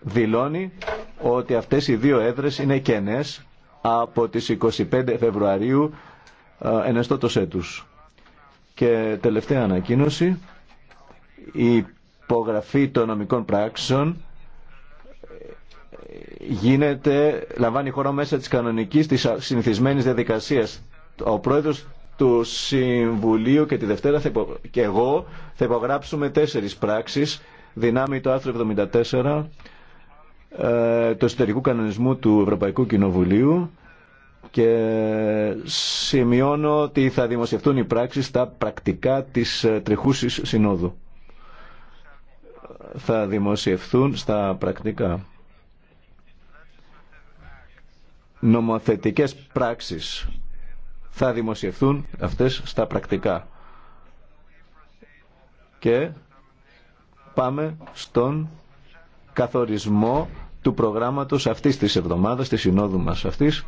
δηλώνει ότι αυτές οι δύο έδρες είναι κενές από τις 25 Φεβρουαρίου ε, ενεστώτος έτους. Και τελευταία ανακοίνωση, η υπογραφή των νομικών πράξεων ε, γίνεται, λαμβάνει χώρο μέσα της κανονικής, της συνηθισμένης διαδικασίας. Ο πρόεδρος του Συμβουλίου και τη Δευτέρα και εγώ θα υπογράψουμε τέσσερις πράξεις δυνάμει το άρθρο 74 ε, το εσωτερικού κανονισμού του Ευρωπαϊκού Κοινοβουλίου και σημειώνω ότι θα δημοσιευτούν οι πράξεις στα πρακτικά της ε, τριχούσης συνόδου. Θα δημοσιευθούν στα πρακτικά. Νομοθετικές πράξεις θα δημοσιευθούν αυτές στα πρακτικά. Και πάμε στον καθορισμό του προγράμματος αυτής της εβδομάδας, της συνόδου μας αυτής.